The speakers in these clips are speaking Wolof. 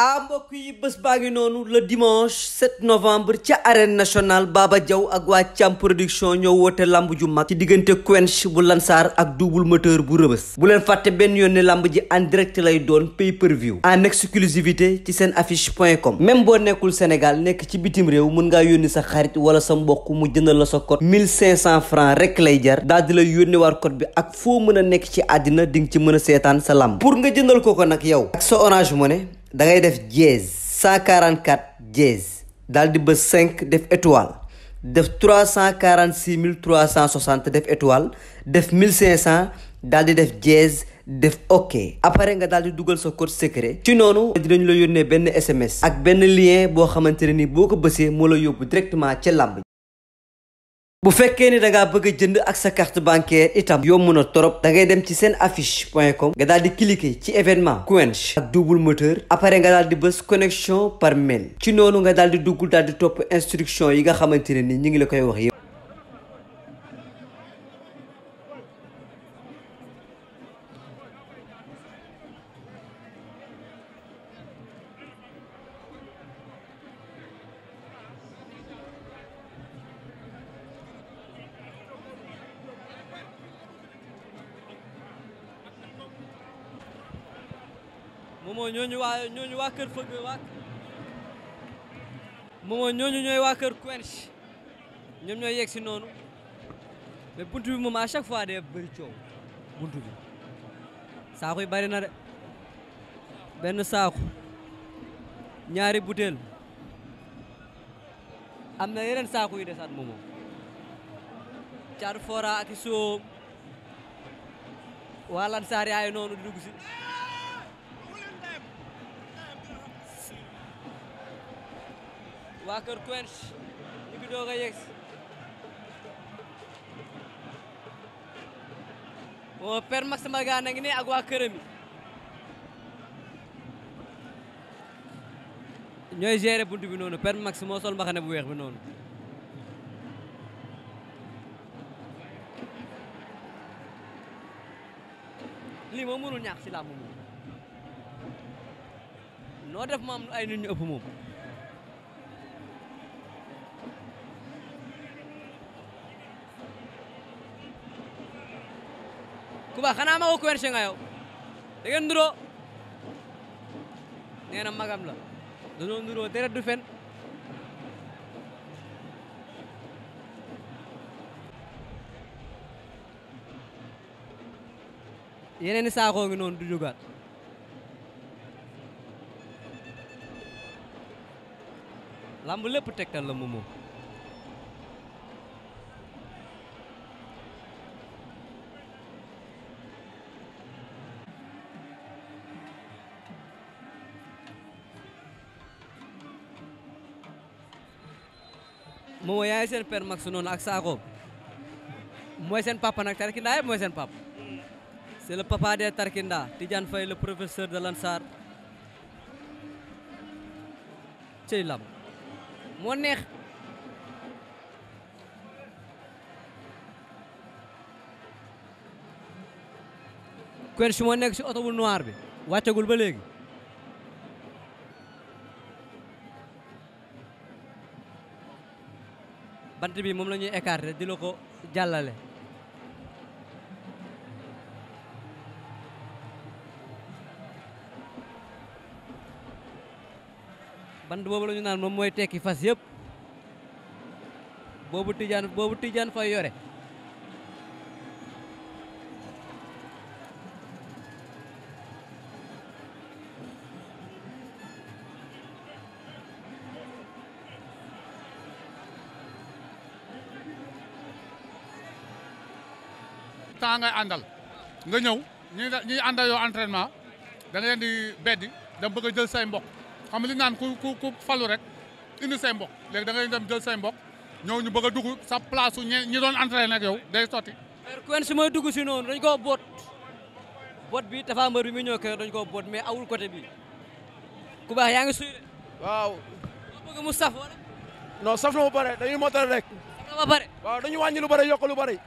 ah mbokk yi bés baa ngi noonu la dimanche 7 novembre ca arène nationale Baba jaw ak waa Thiam production ñoo woote lamb ju mag ci diggante Quench bu Lansar ak double moteur bu Rëbës bu leen fàtte benn yoon ne lamb ji en direct lay doon pay per view en exclusivité ci seen affiche point com même boo nekkul Sénégal nekk ci bitim réew mën ngaa yónni sa xarit wala sa mbokk mu jëndal la sa code 1500 francs rek lay jar daal di la yónni war code bi ak foo mën a nekk ci àddina di nga ci mën a seetaan sa lamb pour nga jëndal ko ko nag yow ak sa Orange Money da ngay def dièse 144 dièse daal di bës 5 def étoile def 346 360 def étoile def 1500 daal di def dièse def ok après nga daal di dugal sa code secret ci noonu dinañu la yónnee benn SMS ak benn lien boo xamante ne ni boo ko bësee moo la yóbbu directement ca làmb bu fekkee ni danga ngaa bëgg jënd ak sa carte bancaire itam yomb na trop da ngay dem ci seen affiche point com nga daal di cliquer ci événement Quench ak double moteur après nga daal di bés connexion par mail ci noonu nga daal di dugg daal di topp instruction yi nga xamante ne ni ñu ngi la koy wax yëpp Momo ñooñu waa ñooñu waa kër fëgg waa Momo ñooñu ñooy waa kër Quench ñoom ñooy yeg si noonu mais buntu bi moom à chaque fois day bëri coow buntu bi saako yi bari na de benn saako ñaari butéel am na yeneen saako yu desaat Momo caatu fora ak i soom waa lan saar noonu di dugg waa kër Quench ñu ngi doog a yegg o oh, Père Max Mbargane a ngi ne ak waa këram yi ñooy gérer buntu bi noonu Père Max moo sol mbaxane bu weex bi noonu lii moom mënul ñàkk si làmb moom noo def mu ay nit ñu ëpp moom Kuba xanaa ma ko commerce nga yow da ngeen nuroo nee na magam la dañoo nuroo deret du fen yeneen i saakoo ngi noonu du jógaat lamb lépp tegtal la mu moom yaay seen père Max noonu ak Sakho mooy seen pappa nag Tarkinda yëpp mooy seen papa c'est le papa tarkindaa Tarkinda Tidiane Faye le professeur de l'Ansar cey lam moo neex Quench moo nekk ci oto bu noir bi wàccagul ba léegi bant bii moom lañuy ñuy écarté di la ko jàllale bant boobu lañu ñu naan moom mooy tekki fas yëpp boobu tijaan boobu tijaan fay yore entraînement ngay àndal nga ñëw ñi ñuy àndal yoo entraînement da nga leen di beddi da bëgg jël sa mbokk xam li naan ku ku ku falu rek indi say mbokk léegi da ngay dem jël say mbokk ñëw ñu bëgg dugg sa place su ñi doon entraîné ak yow day sotti. kon su may dugg si noonu dañ ko boot boot bi dafa mbër bi mu ñëw kër dañ koo boot mais awul côté bi ku baax yaa ngi suy de. waaw. ma bëgg mu saf wala. non saf na ba dañuy motal rek. saf na ba waaw dañuy wàññi lu bare yokk lu bare.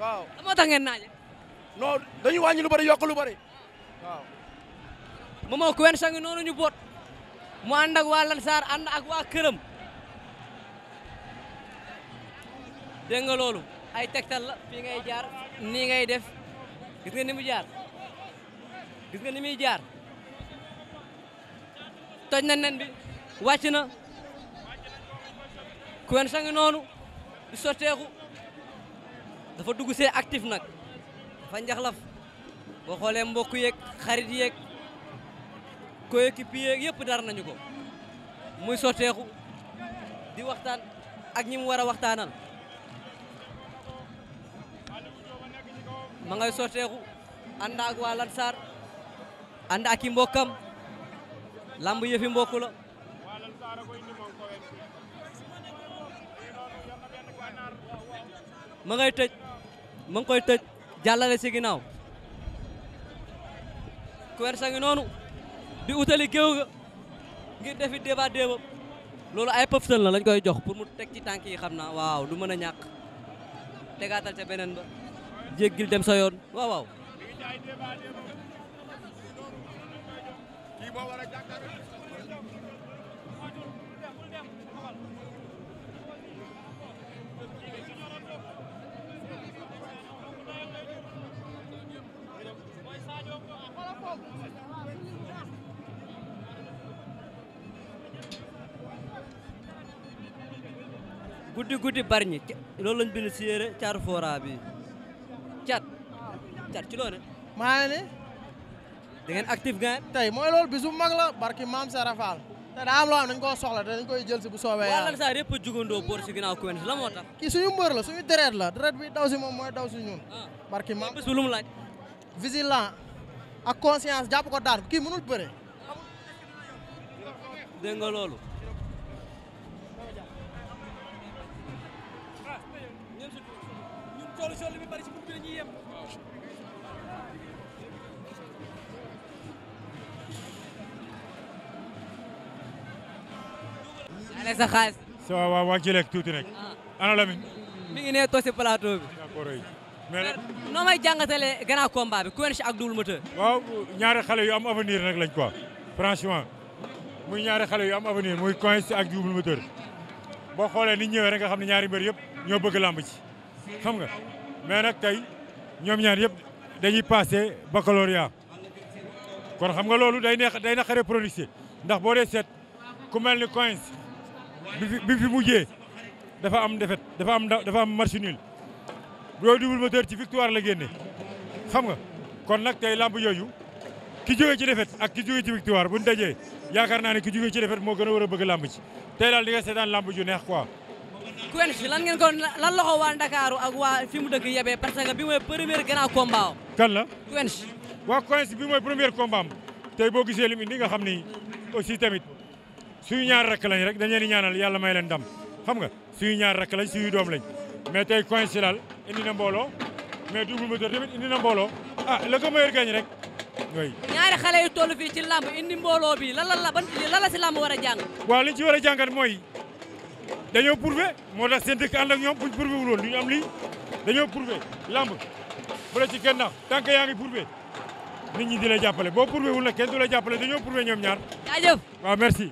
waaw moo tax ngeen naaje. non dañu wàññi lu bëri yokk lu bëri waaw. moomoo ku wen noonu ñu boot mu ànd ak waa Lansar ànd ak waa këram dégg nga loolu ay tegtal la fii ngay jaar nii ngay def gis nga ni mu jaar gis nga ni jaar toj na nen bi wàcc na ku wen sangi noonu di sotteeku dafa dugg see actif nag dafa njaxlaf boo xoolee mbokk yeeg xarit yeeg coéquipier yeeg yëpp dar nañu ko muy sotteeku di waxtaan ak ñi mu war a waxtaanal ma ngay sotteeku ànd ak waa Lansar ànd ak i mbokkam lamb yëfi mbokk la ma ngay tëj ma ngi koy tëj jàllale si ginnaaw Kwersa ngi noonu di utali géew ga ngir defi débat déebam loolu ay pëftal la lañ koy jox pour mu teg ci tànk yi xam naa waaw lu mën a ñàkk tegaatal ca beneen ba jéggil dem sa yoon waaw waaw guddi guddi barñi loolu lañ bind si yére caatu foora bi cat cat ci loone maa ne da ngeen actif nga tey mooy loolu bisu mag la barki maam sa te daa loo xam dañ koo soxla te dañ koy jël si bu soobee yàlla wala sax yëpp a jugandoo boor si ginnaaw kuwen si la moo tax kii suñu mbër la suñu deret la deret bi daw si moom mooy daw si ñun ah. barki maam bés bu ak conscience jàpp ko daan kii mënul bëre. dégg nga loolu. ana sa xaalis. ça va waa Jalle tuuti rek. Ah. ana Lamine. mi ngi nee toog si plateau bi. mais nag noo may jàngatalee grand combat bi Quench ak Double Moteur. waaw ñaari xale yu am avenir nag lañ quoi franchement muy ñaari xale yu am avenir muy Quench ak Double Moteur boo xoolee ni ñëwee rek nga xam ne ñaari mbër yëpp ñoo bëgg làmb ci xam nga mais nag tey ñoom ñaar yëpp dañuy passé baccalauréat kon xam nga loolu day neex day naqaree prononcé ndax boo dee seet ku mel ni Quench bi fi mujjee dafa am défaite dafa am dafa am match nul Bro Double Moteur ci victoire la génne xam nga kon nag tey lamb yooyu ki jógee ci défaite ak ki jógee ci victoire bu ñu dajee yaakaar naa ne ki jógee ci défaite moo gën a war a bëgg lamb ci tey daal di nga seetaan lamb ju neex quoi. Quench si lan ngeen na lan loxo waa Ndakaaru ak waa fi mu dëkk yebee parce que bi mooy premier grand combat am. kan la Quench. waa Quench bi mooy premier combat am tey boo gisee lim indi nga xam ni aussi tamit suñu ñaar rakk lañ rek dañ leen ñaanal yàlla may leen ndam xam nga suñu ñaar rakk lañ suñu doom lañ indi na mbooloo mais double moteur tamit indi na mbooloo a la ko meilleur gagne rek oui. ñaari xale yu toll fii ci làmb indi mbooloo bi lan la ban lan la si làmb war a jàng. waaw li ci war a jàngat mooy dañoo prouvé moo tax seen dëkk ànd ak ñoom buñ prouvé wul woon dañoo prouvé làmb bu ci kenn nax tant que yaa ngi prouvé nit ñi di la jàppale boo prouvé wul nag kenn du la jàppale dañoo prouvé ñoom ñaar. jaajëf waaw merci.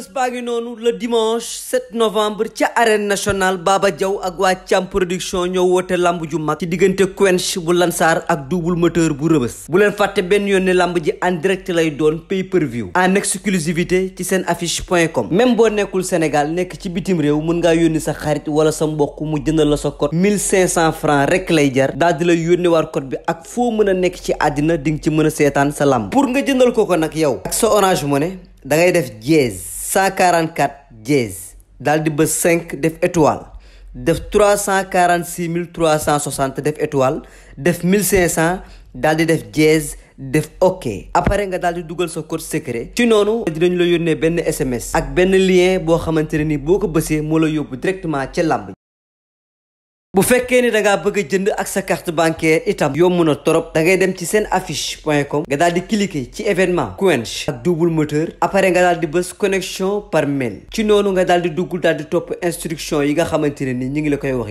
bés baa ngi noonu le dimanche 7 novembre ca arène nationale baaba jaw ak waa Thiam production ñoo woote lamb ju mag ci diggante Quench bu Lansar ak double moteur bu rëbës bu leen fàtte benn yoon lamb ji en direct lay doon pay per view en exclusivité ci seen affiche point com même boo nekkul Sénégal nekk ci bitim réew mën ngaa yónni sa xarit wala sa mbokk mu jëndal la sa code 1500 francs rek lay jar daal di la war waar bi ak foo mën a nekk ci àddina di nga ci mën a seetaan sa lamb pour nga jëndal ko ko nag yow ak orange money da ngay def jeez 144 dièse daal di bës 5 def étoile def 346 360 def étoile def 1500 daal di def dièse def ok après nga daal di dugal sa code secret ci noonu dinañu la yónnee benn SMS ak benn lien boo xamante ne ni boo ko bësee moo la yóbbu directement ca làmb bu fekkee ni danga ngaa bëgg jënd ak sa carte bancaire itam yomb na trop da ngay dem ci seen affiche point com nga daal di cliquer ci événement Quench ak double moteur après nga daal di bës connexion par mail ci noonu nga daal di dugg daal di topp instruction yi nga xamante ne ni ñu ngi la koy wax yi